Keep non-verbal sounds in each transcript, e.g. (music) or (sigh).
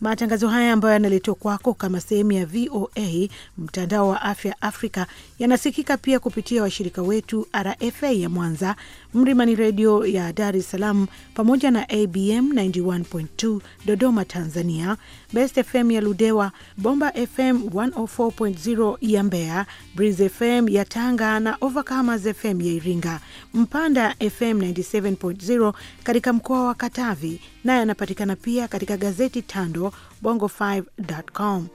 Matangazo haya ambayo yanaletwa kwako kama sehemu ya VOA mtandao wa afya Afrika yanasikika pia kupitia washirika wetu RFA ya Mwanza, Mlimani redio ya Dar es Salaam, pamoja na ABM 91.2 Dodoma, Tanzania, Best FM ya Ludewa, Bomba FM 104.0 ya Mbeya, Breeze FM ya Tanga na Overcomers FM ya Iringa, Mpanda FM 97.0 katika mkoa wa Katavi, naye anapatikana pia katika gazeti Tando Bongo5.com.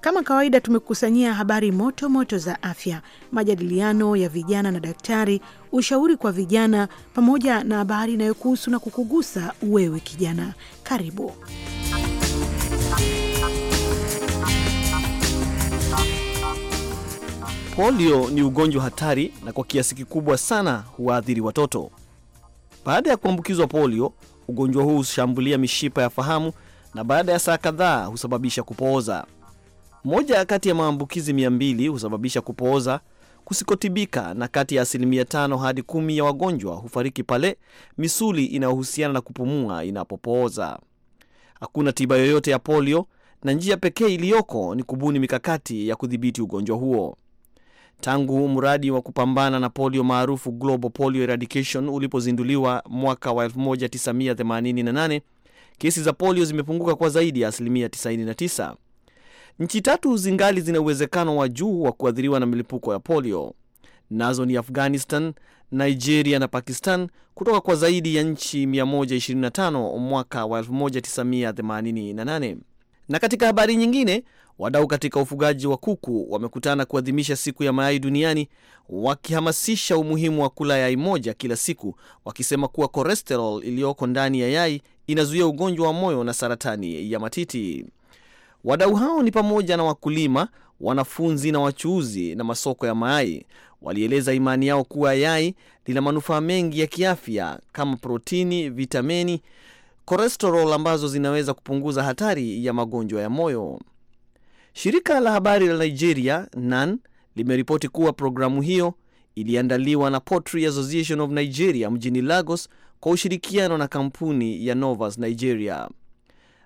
Kama kawaida tumekusanyia habari moto moto za afya, majadiliano ya vijana na daktari, ushauri kwa vijana, pamoja na habari inayokuhusu na kukugusa wewe kijana. Karibu. Polio ni ugonjwa hatari na kwa kiasi kikubwa sana huwaathiri watoto. Baada ya kuambukizwa polio, ugonjwa huu hushambulia mishipa ya fahamu na baada ya saa kadhaa husababisha kupooza. Moja kati ya maambukizi 200 husababisha kupooza kusikotibika, na kati ya asilimia tano hadi kumi ya wagonjwa hufariki pale misuli inayohusiana na kupumua inapopooza. Hakuna tiba yoyote ya polio na njia pekee iliyoko ni kubuni mikakati ya kudhibiti ugonjwa huo. Tangu mradi wa kupambana na polio maarufu Global Polio Eradication ulipozinduliwa mwaka wa 1988, kesi za polio zimepunguka kwa zaidi ya asilimia 99. Nchi tatu zingali zina uwezekano wa juu wa kuathiriwa na milipuko ya polio, nazo ni Afghanistan, Nigeria na Pakistan, kutoka kwa zaidi ya nchi 125 mwaka wa 1988. Na katika habari nyingine, Wadau katika ufugaji wa kuku wamekutana kuadhimisha siku ya mayai duniani, wakihamasisha umuhimu wa kula yai moja kila siku, wakisema kuwa cholesterol iliyoko ndani ya yai inazuia ugonjwa wa moyo na saratani ya matiti. Wadau hao ni pamoja na wakulima, wanafunzi na wachuuzi na masoko ya mayai. Walieleza imani yao kuwa yai lina manufaa mengi ya kiafya kama protini, vitamini, cholesterol ambazo zinaweza kupunguza hatari ya magonjwa ya moyo. Shirika la habari la Nigeria NAN limeripoti kuwa programu hiyo iliandaliwa na Poetry Association of Nigeria mjini Lagos kwa ushirikiano na kampuni ya Novas Nigeria.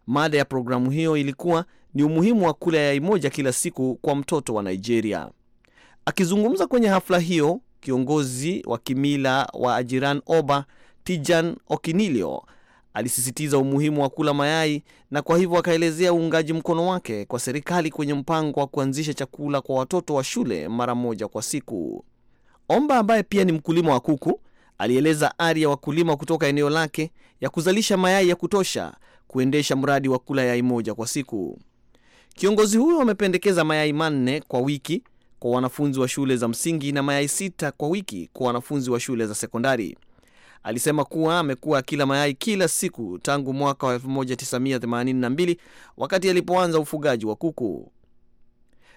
Mada ya programu hiyo ilikuwa ni umuhimu wa kula yai moja kila siku kwa mtoto wa Nigeria. Akizungumza kwenye hafla hiyo, kiongozi wa kimila wa Ajiran Oba Tijan Okinilio Alisisitiza umuhimu wa kula mayai na kwa hivyo akaelezea uungaji mkono wake kwa serikali kwenye mpango wa kuanzisha chakula kwa watoto wa shule mara moja kwa siku. Omba ambaye pia ni mkulima wa kuku alieleza ari ya wakulima kutoka eneo lake ya kuzalisha mayai ya kutosha kuendesha mradi wa kula yai moja kwa siku. Kiongozi huyo amependekeza mayai manne kwa wiki kwa wanafunzi wa shule za msingi na mayai sita kwa wiki kwa wanafunzi wa shule za sekondari alisema kuwa amekuwa akila mayai kila siku tangu mwaka wa 1982 wakati alipoanza ufugaji wa kuku.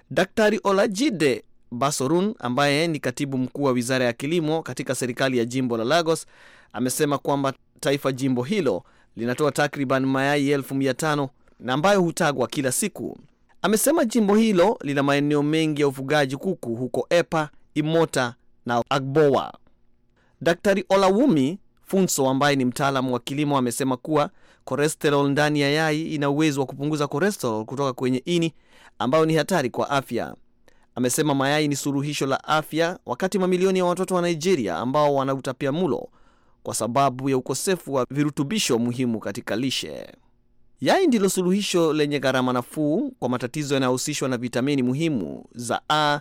Daktari Olajide Basorun ambaye ni katibu mkuu wa wizara ya kilimo katika serikali ya jimbo la Lagos amesema kwamba taifa jimbo hilo linatoa takriban mayai 5 na ambayo hutagwa kila siku. Amesema jimbo hilo lina maeneo mengi ya ufugaji kuku huko Epa, Imota na agboa Daktari Olawumi Funso ambaye ni mtaalamu wa kilimo amesema kuwa korestrol ndani ya yai ina uwezo wa kupunguza korestrol kutoka kwenye ini ambayo ni hatari kwa afya. Amesema mayai ni suluhisho la afya, wakati mamilioni ya watoto wa Nigeria ambao wana mulo kwa sababu ya ukosefu wa virutubisho muhimu katika lishe. Yai ndilo suluhisho lenye gharama nafuu kwa matatizo yanayohusishwa na vitamini muhimu za A,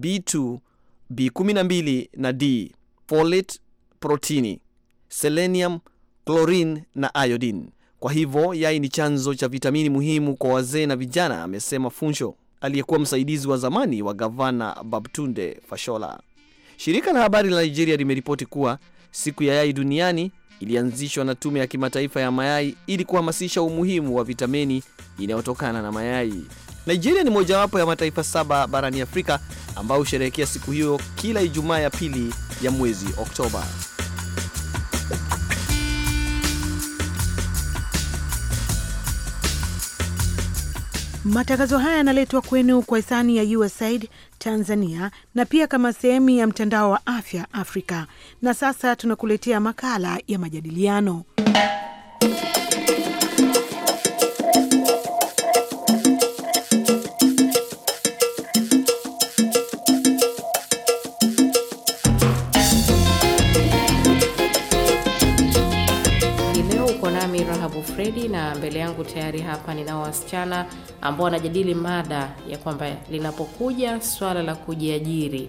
B2, B12 na D folate, protini, selenium, chlorine na iodine. Kwa hivyo yai ni chanzo cha vitamini muhimu kwa wazee na vijana, amesema Funsho aliyekuwa msaidizi wa zamani wa gavana Babtunde Fashola. Shirika la habari la Nigeria limeripoti kuwa siku ya yai duniani ilianzishwa na tume ya kimataifa ya mayai ili kuhamasisha umuhimu wa vitamini inayotokana na mayai. Nigeria ni mojawapo ya mataifa saba barani Afrika ambayo husherehekea siku hiyo kila Ijumaa ya pili ya mwezi Oktoba. Matangazo haya yanaletwa kwenu kwa hisani ya USAID Tanzania na pia kama sehemu ya mtandao wa afya Afrika. Na sasa tunakuletea makala ya majadiliano Fredi, na mbele yangu tayari hapa ninao wasichana ambao wanajadili mada ya kwamba linapokuja swala la kujiajiri,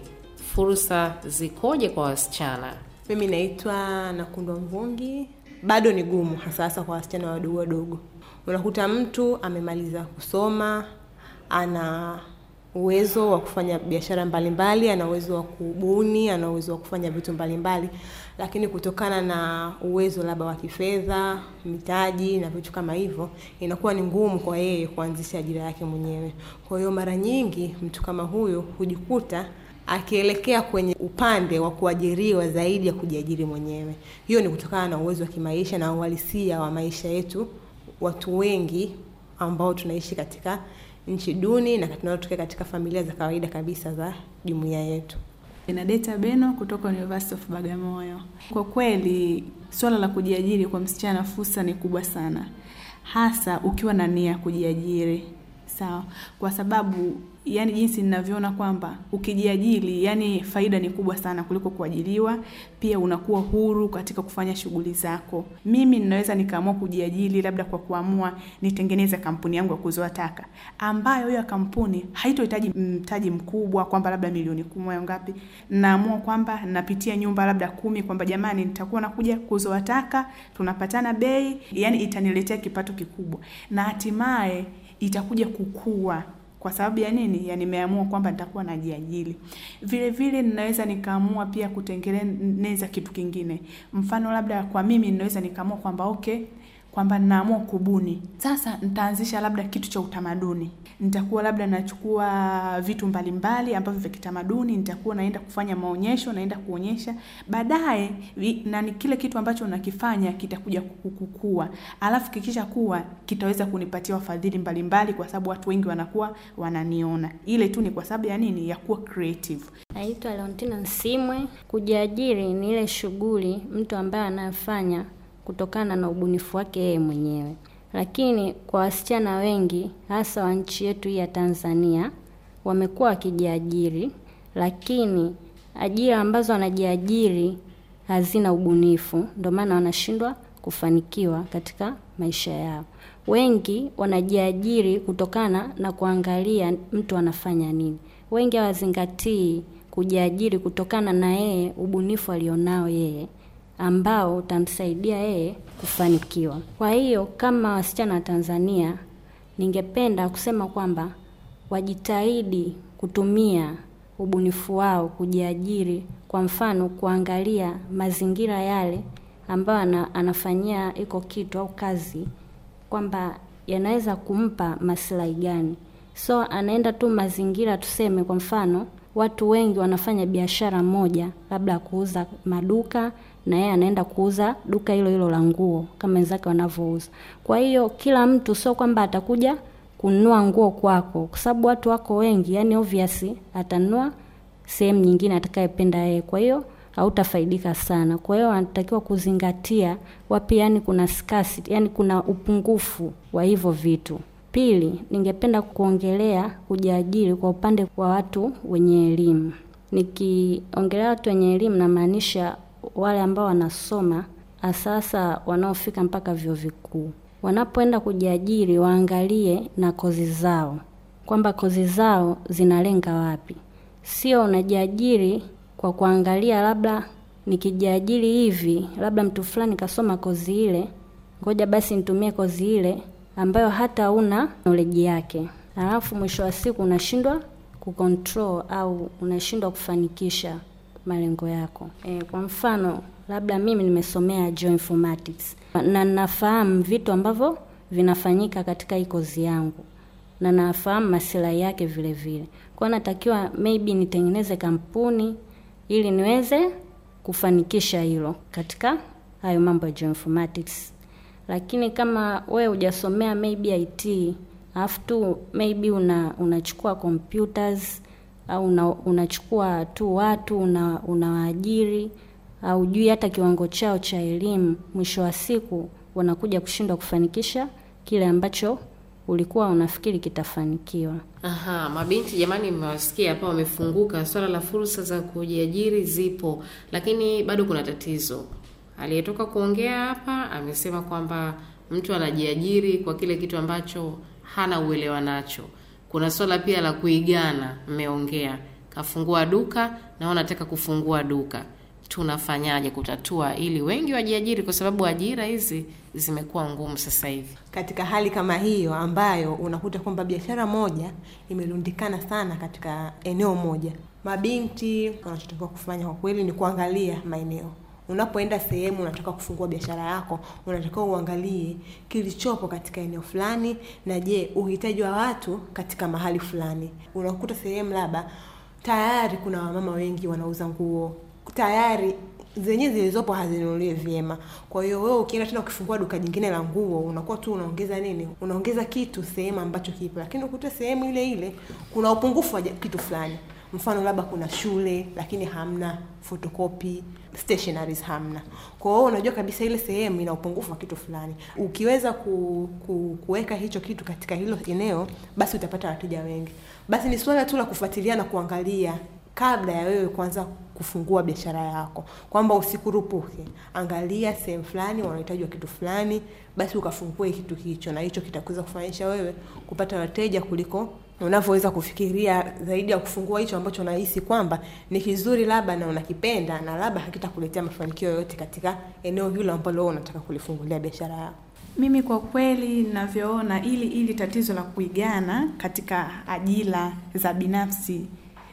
fursa zikoje kwa wasichana? Mimi naitwa Nakundwa Mvungi. Bado ni gumu, hasa hasa kwa wasichana wadogo wadogo. Unakuta mtu amemaliza kusoma ana uwezo wa kufanya biashara mbalimbali, ana uwezo wa kubuni, ana uwezo wa kufanya vitu mbalimbali mbali. Lakini kutokana na uwezo labda wa kifedha, mitaji na vitu kama hivyo, inakuwa ni ngumu kwa yeye kuanzisha ajira yake mwenyewe. Kwa hiyo mara nyingi mtu kama huyo hujikuta akielekea kwenye upande wa kuajiriwa zaidi ya kujiajiri mwenyewe. Hiyo ni kutokana na uwezo wa kimaisha na uhalisia wa maisha yetu, watu wengi ambao tunaishi katika nchi duni na tunalotokea katika familia za kawaida kabisa za jumuiya yetu. Benadeta Beno kutoka University of Bagamoyo. Kwa kweli swala la kujiajiri kwa msichana, fursa ni kubwa sana, hasa ukiwa na nia ya kujiajiri. Sawa, kwa sababu yani jinsi ninavyoona kwamba ukijiajili yani faida ni kubwa sana kuliko kuajiliwa Pia unakuwa huru katika kufanya shughuli zako. Mimi ninaweza nikaamua kujiajili labda kwa kuamua nitengeneze kampuni yangu ya kuzoa taka, ambayo hiyo kampuni haitohitaji mtaji mkubwa, kwamba labda milioni kumi au ngapi. Naamua kwamba napitia nyumba labda kumi, kwamba jamani, nitakuwa nakuja kuzoa taka, tunapatana bei, yani itaniletea kipato kikubwa na hatimaye itakuja kukua kwa sababu ya nini? Ya nimeamua kwamba nitakuwa najiajili Vile vile ninaweza nikaamua pia kutengeneza kitu kingine. Mfano labda kwa mimi ninaweza nikaamua kwamba okay, kwamba naamua kubuni sasa, nitaanzisha labda kitu cha utamaduni, nitakuwa labda nachukua vitu mbalimbali ambavyo vya kitamaduni, nitakuwa naenda kufanya maonyesho, naenda kuonyesha baadaye, na kile kitu ambacho nakifanya kitakuja kukukua, alafu kikisha kuwa kitaweza kunipatia wafadhili mbalimbali, kwa sababu watu wengi wanakuwa wananiona, ile tu ni kwa sababu ya nini, ya kuwa creative. Naitwa Leontina Nsimwe. Kujiajiri ni ile shughuli mtu ambaye anafanya kutokana na ubunifu wake yeye mwenyewe. Lakini kwa wasichana wengi hasa wa nchi yetu hii ya Tanzania wamekuwa wakijiajiri, lakini ajira ambazo wanajiajiri hazina ubunifu, ndio maana wanashindwa kufanikiwa katika maisha yao. Wengi wanajiajiri kutokana na kuangalia mtu anafanya nini. Wengi hawazingatii kujiajiri kutokana na yeye ubunifu alionao yeye ambao utamsaidia yeye kufanikiwa. Kwa hiyo kama wasichana wa Tanzania, ningependa kusema kwamba wajitahidi kutumia ubunifu wao kujiajiri. Kwa mfano, kuangalia mazingira yale ambayo anafanyia iko kitu au kazi, kwamba yanaweza kumpa maslahi gani. So anaenda tu mazingira, tuseme kwa mfano watu wengi wanafanya biashara moja, labda kuuza maduka na yeye anaenda kuuza duka hilo hilo la nguo kama wenzake wanavyouza. Kwa hiyo kila mtu sio kwamba atakuja kununua nguo kwako, kwa sababu watu wako wengi, yani obviously atanunua sehemu nyingine atakayependa yeye. Kwa hiyo hautafaidika sana. Kwa hiyo anatakiwa kuzingatia wapi, yani kuna scarcity, yani kuna upungufu wa hivyo vitu. Pili, ningependa kuongelea kujiajiri kwa upande wa watu wenye elimu. Nikiongelea watu wenye elimu, namaanisha wale ambao wanasoma asasa wanaofika mpaka vyuo vikuu wanapoenda kujiajiri waangalie na kozi zao, kwamba kozi zao zinalenga wapi. Sio unajiajiri kwa kuangalia, labda nikijiajiri hivi, labda mtu fulani kasoma kozi ile, ngoja basi nitumie kozi ile ambayo hata una noleji yake, alafu mwisho wa siku unashindwa kukontrol au unashindwa kufanikisha malengo yako. E, kwa mfano labda mimi nimesomea geoinformatics na nafahamu vitu ambavyo vinafanyika katika ikozi yangu na nafahamu masilahi yake vile vile. Kwa natakiwa maybe nitengeneze kampuni ili niweze kufanikisha hilo katika hayo mambo ya geoinformatics. Lakini kama we hujasomea maybe IT, alafu tu maybe una unachukua computers au una, unachukua tu watu unawaajiri una au jui hata kiwango chao cha elimu, mwisho wa siku wanakuja kushindwa kufanikisha kile ambacho ulikuwa unafikiri kitafanikiwa. Aha, mabinti jamani, mmewasikia hapa, wamefunguka. Swala la fursa za kujiajiri zipo, lakini bado kuna tatizo. Aliyetoka kuongea hapa amesema kwamba mtu anajiajiri kwa kile kitu ambacho hana uelewa nacho. Kuna swala pia la kuigana, mmeongea, kafungua duka na nataka kufungua duka, tunafanyaje kutatua ili wengi wajiajiri, kwa sababu ajira hizi zimekuwa ngumu sasa hivi. Katika hali kama hiyo ambayo unakuta kwamba biashara moja imerundikana sana katika eneo moja, mabinti wanachotakiwa kufanya kwa kweli ni kuangalia maeneo unapoenda sehemu unataka kufungua biashara yako, unatakiwa uangalie kilichopo katika eneo fulani, na je, uhitaji wa watu katika mahali fulani. Unakuta sehemu labda tayari kuna wamama wengi wanauza nguo tayari zenye zilizopo hazinunuliwi vyema. Kwa hiyo wewe ukienda tena ukifungua duka jingine la nguo, unakuwa tu unaongeza nini, unaongeza kitu sehemu ambacho kipo, lakini ukuta sehemu ile ile kuna upungufu wa kitu fulani. Mfano labda kuna shule lakini hamna photocopy, stationaries hamna. Kwa hiyo unajua kabisa ile sehemu ina upungufu wa kitu fulani. Ukiweza ku, ku, kuweka hicho kitu katika hilo eneo, basi utapata wateja wengi. Basi ni suala tu la kufuatilia na kuangalia kabla ya wewe kuanza kufungua biashara yako, kwamba usikurupuke. Angalia sehemu fulani wanahitaji kitu fulani, basi ukafungue kitu hicho, na hicho kitakuweza kufanyisha wewe kupata wateja kuliko unavyoweza kufikiria zaidi ya kufungua hicho ambacho unahisi kwamba ni kizuri labda na unakipenda na labda hakitakuletea mafanikio yoyote katika eneo hilo ambalo wewe unataka kulifungulia biashara yako. Mimi kwa kweli ninavyoona, ili ili tatizo la kuigana katika ajira za binafsi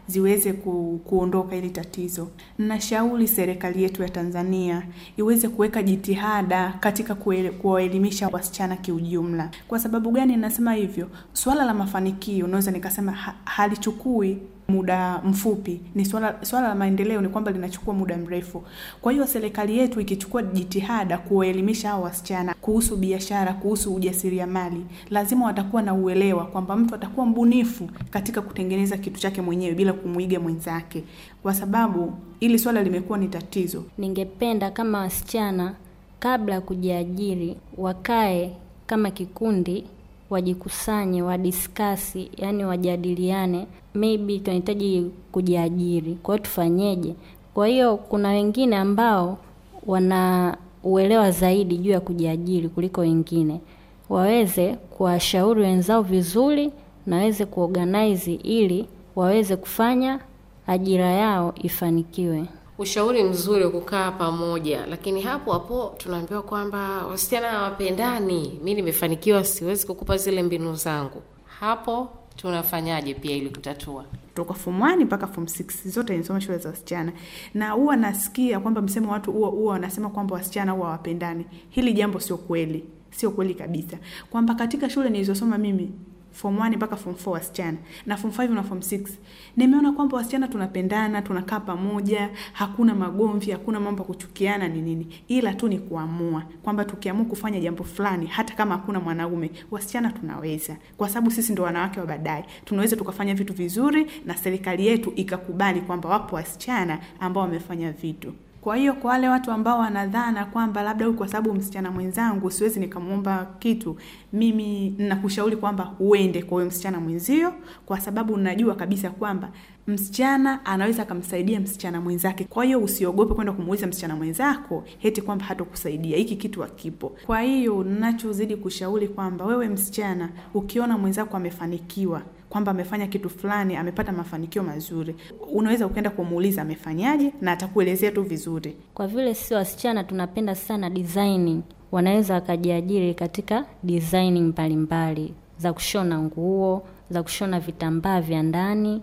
ziweze ku, kuondoka ili tatizo. Nashauri serikali yetu ya Tanzania iweze kuweka jitihada katika kuwaelimisha wasichana kiujumla. Kwa sababu gani nasema hivyo? Swala la mafanikio unaweza nikasema ha, halichukui muda mfupi, ni swala swala la maendeleo ni kwamba linachukua muda mrefu. Kwa hiyo serikali yetu ikichukua jitihada kuwaelimisha hao wasichana kuhusu biashara, kuhusu ujasiriamali, lazima watakuwa na uelewa kwamba mtu atakuwa mbunifu katika kutengeneza kitu chake mwenyewe bila kumwiga mwenzake, kwa sababu ili swala limekuwa ni tatizo. Ningependa kama wasichana kabla ya kujiajiri wakae kama kikundi wajikusanye wadiskasi, yani wajadiliane, maybe tunahitaji kujiajiri, kwa tufanyeje? Kwa hiyo kuna wengine ambao wana uelewa zaidi juu ya kujiajiri kuliko wengine, waweze kuwashauri wenzao vizuri na waweze kuorganize ili waweze kufanya ajira yao ifanikiwe ushauri mzuri wa kukaa pamoja, lakini hapo hapo tunaambiwa kwamba wasichana hawapendani. Mi nimefanikiwa, siwezi kukupa zile mbinu zangu. Hapo tunafanyaje pia ili kutatua? Toka form 1 mpaka fom 6 zote nisoma shule za wasichana, na huwa nasikia kwamba msemo watu huwa huwa wanasema kwamba wasichana huwa hawapendani. Hili jambo sio kweli, sio kweli kabisa, kwamba katika shule nilizosoma mimi form 1 mpaka form 4 wasichana na form 5 na form 6 nimeona kwamba wasichana tunapendana tunakaa pamoja hakuna magomvi hakuna mambo ya kuchukiana ni nini ila tu ni kuamua kwamba tukiamua kufanya jambo fulani hata kama hakuna mwanaume wasichana tunaweza kwa sababu sisi ndo wanawake wa baadaye tunaweza tukafanya vitu vizuri na serikali yetu ikakubali kwamba wapo wasichana ambao wamefanya vitu kwa hiyo kwa wale watu ambao wanadhana kwamba labda kwa sababu msichana mwenzangu siwezi nikamwomba kitu, mimi nakushauri kwamba uende kwa huyo msichana mwenzio, kwa sababu najua kabisa kwamba msichana anaweza akamsaidia msichana mwenzake. Kwa hiyo usiogope kwenda kumuuliza msichana mwenzako heti kwamba hatakusaidia, hiki kitu akipo Kwa hiyo nachozidi kushauri kwamba wewe msichana, ukiona mwenzako amefanikiwa kwamba amefanya kitu fulani, amepata mafanikio mazuri, unaweza ukaenda kumuuliza amefanyaje, na atakuelezea tu vizuri. Kwa vile sisi wasichana tunapenda sana designing, wanaweza wakajiajiri katika designing mbalimbali za kushona nguo, za kushona vitambaa vya ndani,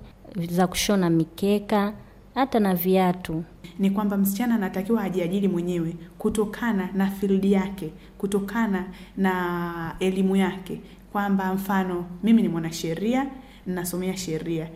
za kushona mikeka hata na viatu. Ni kwamba msichana anatakiwa ajiajiri mwenyewe kutokana na fildi yake, kutokana na elimu yake, kwamba mfano mimi ni mwanasheria, nasomea sheria,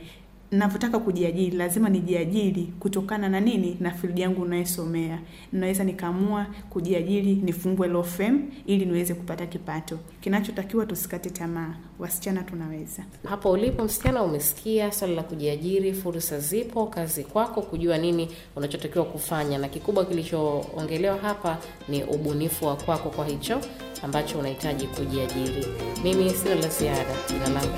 navyotaka kujiajiri lazima nijiajiri kutokana na nini na field yangu unayesomea naweza nikaamua kujiajiri nifungwe law firm ili niweze kupata kipato kinachotakiwa tusikate tamaa wasichana tunaweza hapo ulipo msichana umesikia swali la kujiajiri fursa zipo kazi kwako kujua nini unachotakiwa kufanya na kikubwa kilichoongelewa hapa ni ubunifu wa kwako kwa hicho ambacho unahitaji kujiajiri mimi sina la ziada jina langu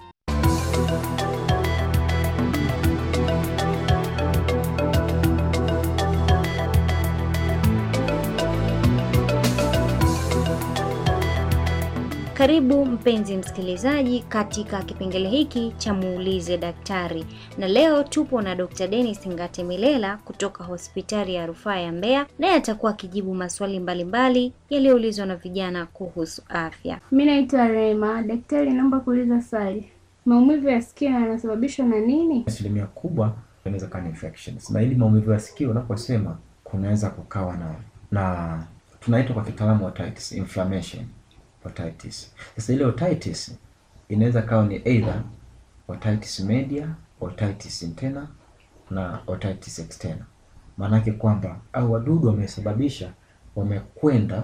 Karibu mpenzi msikilizaji katika kipengele hiki cha muulize daktari, na leo tupo na Dr. Dennis Ngate Milela kutoka hospitali ya rufaa ya Mbeya, naye atakuwa akijibu maswali mbalimbali yaliyoulizwa na vijana kuhusu afya. Mi naitwa Rema. Daktari, naomba kuuliza swali, maumivu ya sikio yanasababishwa na nini? Asilimia kubwa inaweza kuwa ni infections, na ili maumivu ya sikio unaposema kunaweza kukawa na na tunaitwa kwa kitaalamu otitis inflammation otitis. Sasa ile otitis inaweza kawa ni either otitis media, otitis interna na otitis externa. yake kwamba au wadudu wamesababisha wamekwenda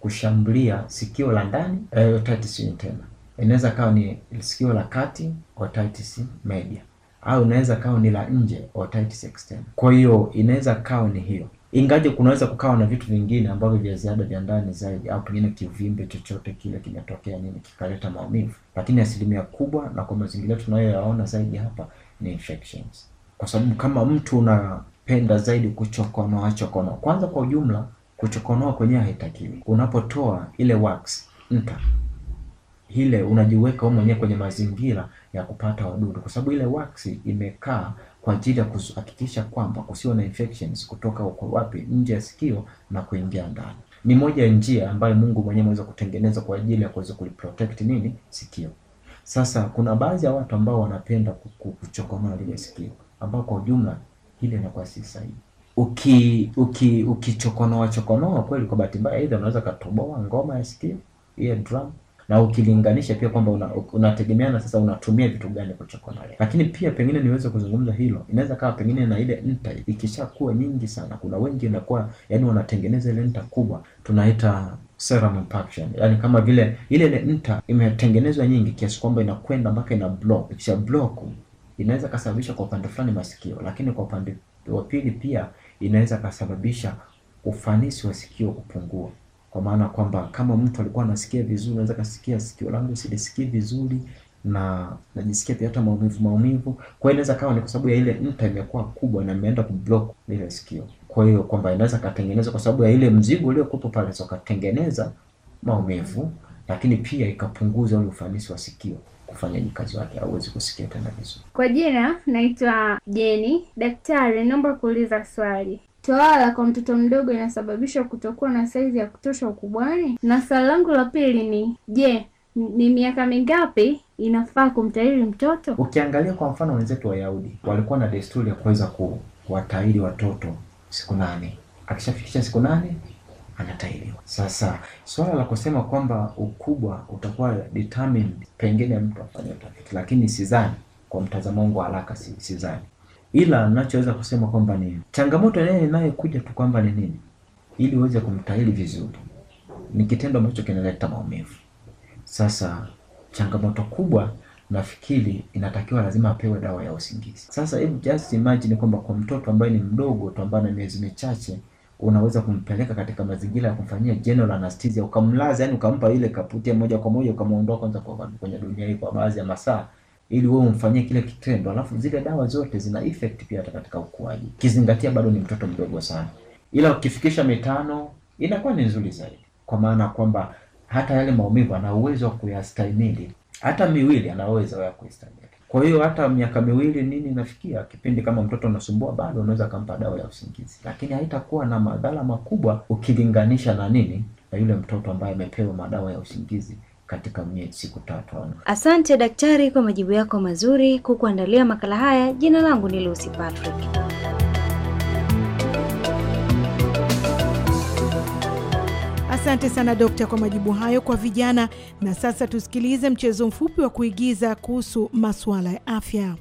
kushambulia sikio la ndani eh, otitis interna. Inaweza kawa ni sikio la kati otitis media, au inaweza kawa ni la nje otitis externa. Kwa hiyo inaweza kawa ni hiyo ingaje kunaweza kukawa na vitu vingine ambavyo vya ziada vya ndani zaidi, au pengine kivimbe chochote kile kimetokea nini kikaleta maumivu, lakini asilimia kubwa na kwa mazingira tunayoyaona zaidi hapa ni infections, kwa sababu kama mtu unapenda zaidi kuchokonoa chokonoa, kwanza kwa ujumla kuchokonoa kwenyewe haitakiwi. Unapotoa ile wax nta ile unajiweka wewe mwenyewe kwenye mazingira ya kupata wadudu, kwa sababu ile wax imekaa kwa ajili ya kuhakikisha kwamba kusiwe na infections kutoka kwa wapi nje ya sikio na kuingia ndani. Ni moja ya njia ambayo Mungu mwenyewe ameweza kutengeneza kwa ajili ya kuweza kuliprotect nini sikio. Sasa kuna baadhi ya watu ambao wanapenda kuchokonoa lile sikio, ambao kwa ujumla ile inakuwa si sahihi. Uki uki ukichokonoa chokonoa kweli, kwa bahati mbaya, aidha unaweza katoboa ngoma ya sikio, ile drum na ukilinganisha pia kwamba unategemeana una, sasa unatumia vitu gani kwa chokolea. Lakini pia pengine niweze kuzungumza hilo, inaweza kawa pengine na ile nta ikishakuwa nyingi sana, kuna wengi inakuwa yani wanatengeneza ile nta kubwa tunaita serum impaction, yani kama vile ile ile nta imetengenezwa nyingi kiasi kwamba inakwenda mpaka ina block, ikisha block inaweza kasababisha kwa upande fulani masikio, lakini kwa upande wa pili pia inaweza kasababisha ufanisi wa sikio kupungua kwa maana kwamba kama mtu alikuwa anasikia vizuri, anaweza kasikia sikio langu silisikii vizuri na najisikia pia hata maumivu maumivu. Kwa hiyo inaweza kawa ni kwa sababu ya ile nta imekuwa kubwa na imeenda kublock lile sikio. Kwa hiyo kwamba inaweza katengeneza kwa sababu ya ile mzigo uliokuwepo pale, so katengeneza maumivu, lakini pia ikapunguza ule ufanisi wa sikio kufanya kazi wake, hauwezi kusikia tena vizuri. Kwa jina naitwa Jeni. Daktari, naomba kuuliza swali. Tohara kwa mtoto mdogo inasababisha kutokuwa na saizi ya kutosha ukubwani? Na swali langu la pili ni je, ni miaka mingapi inafaa kumtahiri mtoto? Ukiangalia kwa mfano wenzetu Wayahudi walikuwa na desturi ya kuweza kuwatahiri watoto siku nane, akishafikisha siku nane anatahiriwa. Sasa swala la kusema kwamba ukubwa utakuwa determined, pengine mtu afanye utafiti, lakini sidhani, kwa mtazamo wangu haraka, sidhani ila nachoweza kusema kwamba ni changamoto yenyewe inayokuja tu kwamba ni nini, ili uweze kumtahiri vizuri, ni kitendo ambacho kinaleta maumivu. Sasa changamoto kubwa nafikiri inatakiwa lazima apewe dawa ya usingizi. Sasa hebu just imagine kwamba kwa mtoto ambaye ni mdogo tu ambaye ana miezi michache unaweza kumpeleka katika mazingira ya kumfanyia general anesthesia ukamlaza, yani ukampa ile kaputi moja kwa moja ukamuondoa kwanza kwa kwenye dunia hii kwa baadhi ya masaa ili wewe umfanyie kile kitendo, alafu zile dawa zote zina effect pia hata katika ukuaji, kizingatia bado ni mtoto mdogo sana, ila ukifikisha mitano inakuwa ni nzuri zaidi, kwa maana kwamba hata yale maumivu ana uwezo wa kuyastahimili, hata miwili ana uwezo wa kuyastahimili. Kwa hiyo hata miaka miwili nini nafikia kipindi, kama mtoto unasumbua bado unaweza kumpa dawa ya usingizi, lakini haitakuwa na madhara makubwa ukilinganisha na nini na yule mtoto ambaye amepewa madawa ya usingizi katika siku tatu. Asante daktari kwa majibu yako mazuri. Kukuandalia makala haya, jina langu ni Lucy Patrick. Asante sana dokta kwa majibu hayo kwa vijana. Na sasa tusikilize mchezo mfupi wa kuigiza kuhusu masuala ya afya.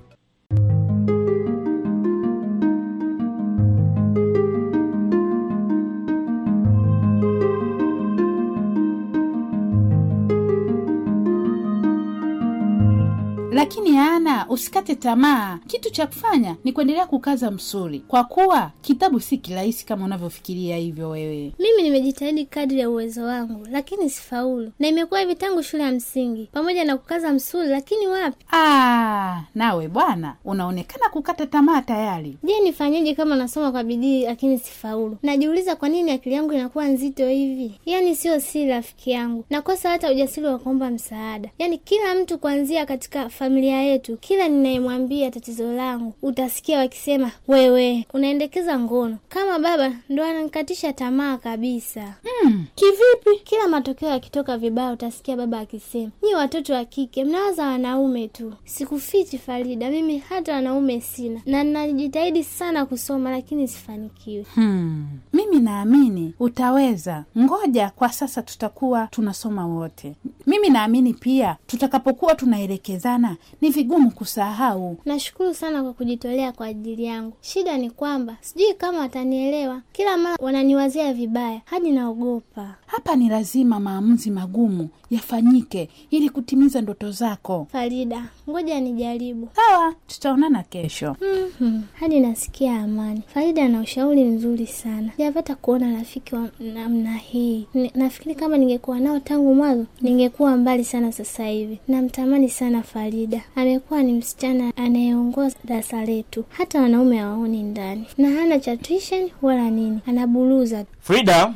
Lakini Ana, usikate tamaa. Kitu cha kufanya ni kuendelea kukaza msuri kwa kuwa kitabu si kirahisi kama unavyofikiria hivyo wewe. Mimi nimejitahidi kadri ya uwezo wangu, lakini sifaulu, na imekuwa hivi tangu shule ya msingi, pamoja na kukaza msuri lakini wapi. Ah, nawe bwana, unaonekana kukata tamaa tayari. Je, nifanyeje kama nasoma kwa bidii lakini sifaulu? Najiuliza kwa nini akili yangu inakuwa nzito hivi. yani sio si rafiki yangu, nakosa hata ujasiri wa kuomba msaada. yani kila mtu kuanzia katika familia yetu, kila ninayemwambia tatizo langu, utasikia wakisema wewe unaendekeza ngono. Kama baba ndo ananikatisha tamaa kabisa. Mm, kivipi? Kila matokeo yakitoka vibaya, utasikia baba akisema nyi watoto wa kike mnawaza wanaume tu. Sikufiti Farida, mimi hata wanaume sina na ninajitahidi sana kusoma, lakini sifanikiwe Hmm, mimi naamini utaweza. Ngoja kwa sasa tutakuwa tunasoma wote. Mimi naamini pia tutakapokuwa tunaelekezana ni vigumu kusahau. Nashukuru sana kwa kujitolea kwa ajili yangu. Shida ni kwamba sijui kama watanielewa, kila mara wananiwazia vibaya hadi naogopa. Hapa ni lazima maamuzi magumu yafanyike ili kutimiza ndoto zako. Farida, ngoja nijaribu. Sawa, tutaonana kesho. mm -hmm. Hadi nasikia amani. Farida na ushauri mzuri sana. Sijapata kuona rafiki wa namna hii. Nafikiri kama ningekuwa nao tangu mwazo ningekuwa mbali sana sasa hivi. Namtamani sana Farida kawaida. Amekuwa ni msichana anayeongoza darasa letu, hata wanaume hawaoni ndani, na hana cha tuition wala nini, anaburuza. Frida,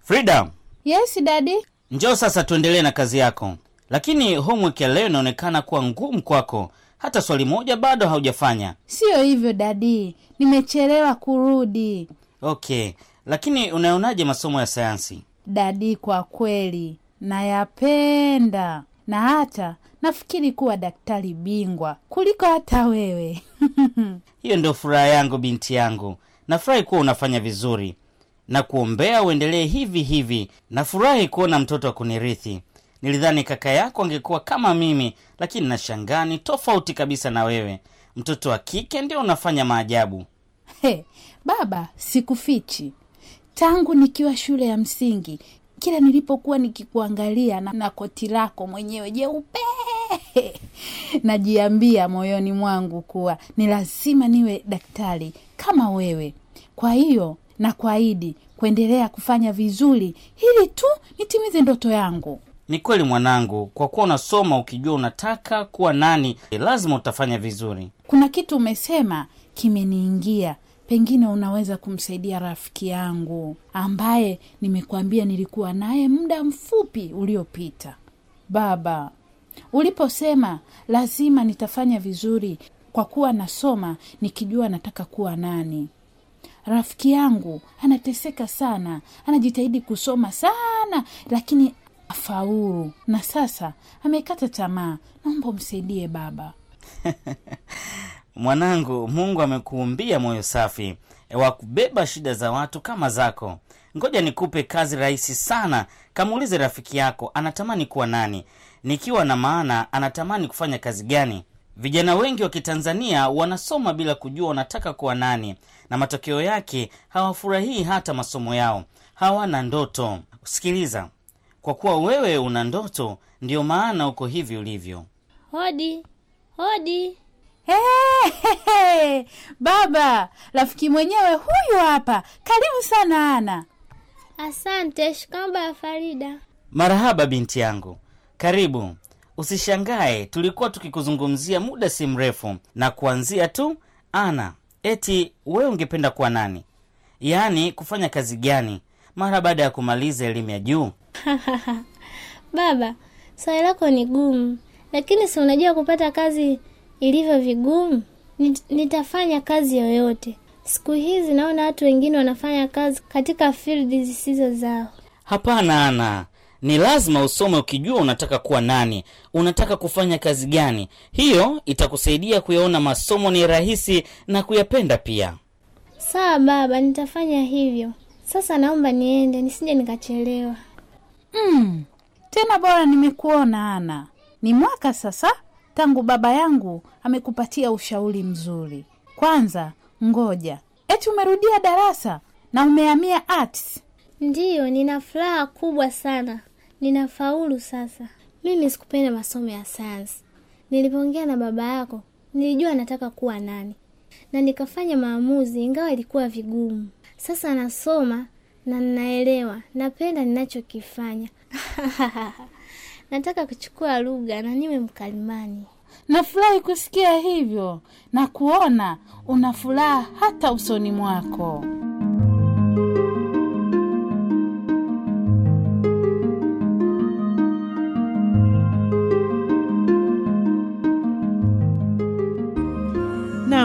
Frida! Yes dadi. Njoo sasa tuendelee na kazi yako, lakini homework ya leo inaonekana kuwa ngumu kwako hata swali moja bado haujafanya. Siyo hivyo dadi, nimechelewa kurudi. Okay, lakini unaonaje masomo ya sayansi dadi? Kwa kweli nayapenda na hata nafikiri kuwa daktari bingwa kuliko hata wewe. (laughs) Hiyo ndio furaha yangu, binti yangu. Nafurahi kuwa unafanya vizuri na kuombea uendelee hivi hivi. Nafurahi kuona mtoto wa kunirithi. Nilidhani kaka yako angekuwa kama mimi, lakini nashangaa ni tofauti kabisa na wewe. Mtoto wa kike ndio unafanya maajabu. hey, baba, sikufichi, tangu nikiwa shule ya msingi kila nilipokuwa nikikuangalia na, na koti lako mwenyewe jeupe (laughs) najiambia moyoni mwangu kuwa ni lazima niwe daktari kama wewe. Kwa hiyo na kwaidi kuendelea kufanya vizuri hili tu nitimize ndoto yangu. Ni kweli mwanangu, kwa kuwa unasoma ukijua unataka kuwa nani, lazima utafanya vizuri. Kuna kitu umesema kimeniingia pengine unaweza kumsaidia rafiki yangu ambaye nimekuambia nilikuwa naye muda mfupi uliopita. Baba, uliposema lazima nitafanya vizuri kwa kuwa nasoma nikijua nataka kuwa nani. Rafiki yangu anateseka sana, anajitahidi kusoma sana, lakini afauru na sasa amekata tamaa. Naomba umsaidie baba. (laughs) Mwanangu, Mungu amekuumbia moyo safi e, wa kubeba shida za watu kama zako. Ngoja nikupe kazi rahisi sana. Kamuulize rafiki yako anatamani kuwa nani, nikiwa na maana anatamani kufanya kazi gani. Vijana wengi wa Kitanzania wanasoma bila kujua wanataka kuwa nani, na matokeo yake hawafurahii hata masomo yao, hawana ndoto. Sikiliza, kwa kuwa wewe una ndoto, ndiyo maana uko hivi ulivyo. Hodi hodi. Hey, hey, Baba, rafiki mwenyewe huyu hapa. Karibu sana Ana. Asante. Shikamba ya Farida. Marahaba binti yangu, karibu. Usishangae, tulikuwa tukikuzungumzia muda si mrefu, na kuanzia tu Ana, eti wewe ungependa kuwa nani, yaani kufanya kazi gani mara baada ya kumaliza elimu ya juu? (laughs) Baba, swali lako ni gumu, lakini si unajua kupata kazi ilivyo vigumu, nitafanya kazi yoyote. Siku hizi naona watu wengine wanafanya kazi katika fildi zisizo zao. Hapana Ana, ni lazima usome ukijua unataka kuwa nani, unataka kufanya kazi gani. Hiyo itakusaidia kuyaona masomo ni rahisi na kuyapenda pia. Sawa baba, nitafanya hivyo. Sasa naomba niende nisije nikachelewa. Mm, tena bora nimekuona Ana. Ni mwaka sasa tangu baba yangu amekupatia ushauri mzuri. Kwanza ngoja, eti umerudia darasa na umehamia arts? Ndiyo, nina furaha kubwa sana, ninafaulu sasa. Mimi sikupenda masomo ya sayansi. Nilipoongea na baba yako, nilijua nataka kuwa nani na nikafanya maamuzi, ingawa ilikuwa vigumu. Sasa nasoma na ninaelewa, napenda ninachokifanya. (laughs) nataka kuchukua lugha na niwe mkalimani. Nafurahi kusikia hivyo na kuona una furaha hata usoni mwako.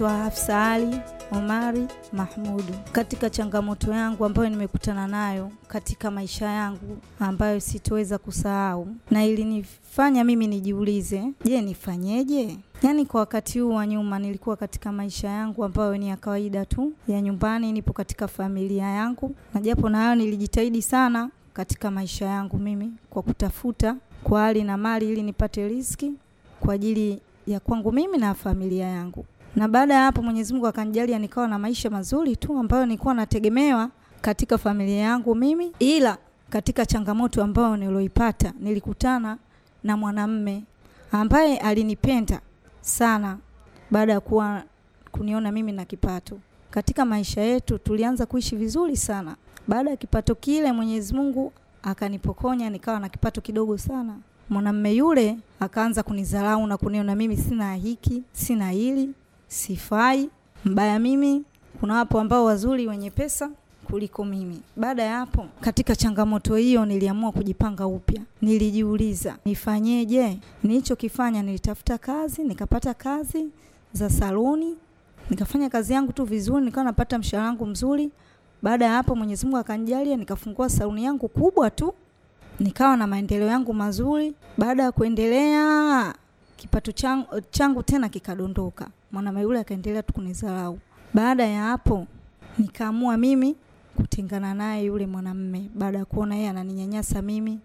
Naitwa Hafsa Ali Omari Mahmudu. Katika changamoto yangu ambayo nimekutana nayo katika maisha yangu ambayo sitoweza kusahau na ilinifanya mimi nijiulize, je, nifanyeje? Yaani, kwa wakati huu wa nyuma nilikuwa katika maisha yangu ambayo ni ya kawaida tu ya nyumbani, nipo katika familia yangu, na japo na hayo nilijitahidi sana katika maisha yangu mimi kwa kutafuta kwa hali na mali ili nipate riziki kwa ajili ya kwangu mimi na familia yangu na baada ya hapo Mwenyezi Mungu akanijalia nikawa na maisha mazuri tu ambayo nilikuwa nategemewa katika familia yangu mimi, ila katika changamoto ambayo niloipata nilikutana na mwanamme ambaye alinipenda sana baada ya kuwa kuniona mimi na kipato. Katika maisha yetu tulianza kuishi vizuri sana. Baada ya kipato kile, Mwenyezi Mungu akanipokonya nikawa na kipato kidogo sana. Mwanamme yule akaanza kunidharau na kuniona mimi sina hiki, sina hili sifai, mbaya mimi. Kuna wapo ambao wazuri wenye pesa kuliko mimi. Baada ya hapo, katika changamoto hiyo, niliamua kujipanga upya. Nilijiuliza nifanyeje? Nilichokifanya, nilitafuta kazi, nikapata kazi za saluni, nikafanya kazi yangu tu vizuri, nikawa napata mshahara wangu mzuri. Baada ya hapo, Mwenyezi Mungu akanijalia, nikafungua saluni yangu kubwa tu, nikawa na maendeleo yangu mazuri. Baada ya kuendelea kipato changu, changu tena kikadondoka. Mwanaume yule akaendelea tu kunizarau. Baada ya hapo nikaamua mimi kutengana naye yule mwanamme, baada ya kuona yeye ananinyanyasa mimi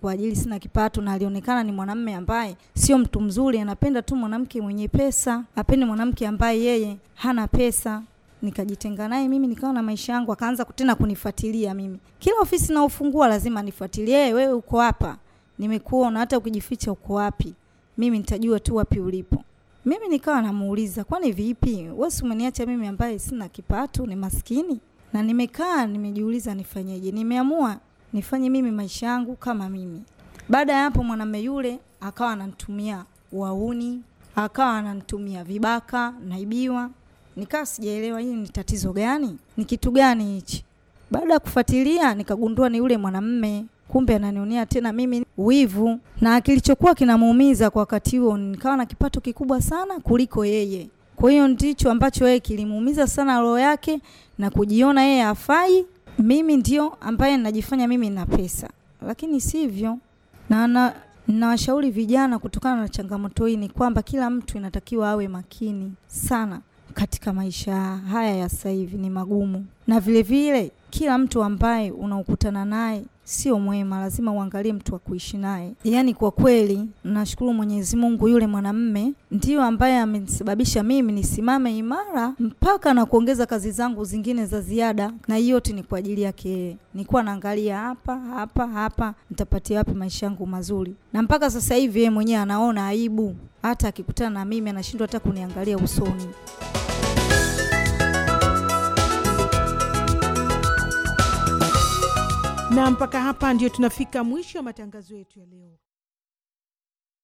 kwa ajili sina kipato, na alionekana ni mwanamme ambaye sio mtu mzuri, anapenda tu mwanamke mwenye pesa, apende mwanamke ambaye yeye hana pesa. Nikajitenga naye mimi, nikawa na maisha yangu. Akaanza tena kunifuatilia mimi, kila ofisi naofungua lazima nifuatilie, wewe uko hapa, nimekuona, hata ukijificha uko wapi? mimi nitajua tu wapi ulipo. Mimi nikawa namuuliza, kwani vipi wewe umeniacha mimi ambaye sina kipato, ni maskini? Na nimekaa nimejiuliza nifanyeje. Nimeamua nifanye mimi maisha yangu kama mimi. Baada ya hapo, mwanamume yule akawa ananitumia wauni, akawa ananitumia vibaka, naibiwa. Nikawa sijaelewa hii ni tatizo gani, ni kitu gani hichi? Baada ya kufuatilia nikagundua ni yule mwanamume kumbe ananionea tena mimi wivu, na kilichokuwa kinamuumiza kwa wakati huo nikawa na kipato kikubwa sana kuliko yeye. Kwa hiyo ndicho ambacho yeye kilimuumiza sana roho yake na kujiona yeye hafai, mimi ndio ambaye najifanya mimi na pesa, lakini sivyo. Na, na nawashauri vijana kutokana na changamoto hii ni kwamba kila mtu inatakiwa awe makini sana katika maisha haya ya sasa hivi ni magumu, na vilevile vile, kila mtu ambaye unaokutana naye sio mwema, lazima uangalie mtu wa kuishi naye. Yaani kwa kweli nashukuru Mwenyezi Mungu, yule mwanamme ndiyo ambaye amenisababisha mimi nisimame imara mpaka na kuongeza kazi zangu zingine za ziada, na hiyo yote ni kwa ajili yake yeye. Nilikuwa naangalia hapa hapa hapa, nitapatia wapi maisha yangu mazuri, na mpaka sasa hivi yeye mwenyewe anaona aibu, hata akikutana na mimi anashindwa hata kuniangalia usoni. na mpaka hapa ndio tunafika mwisho wa matangazo yetu ya leo.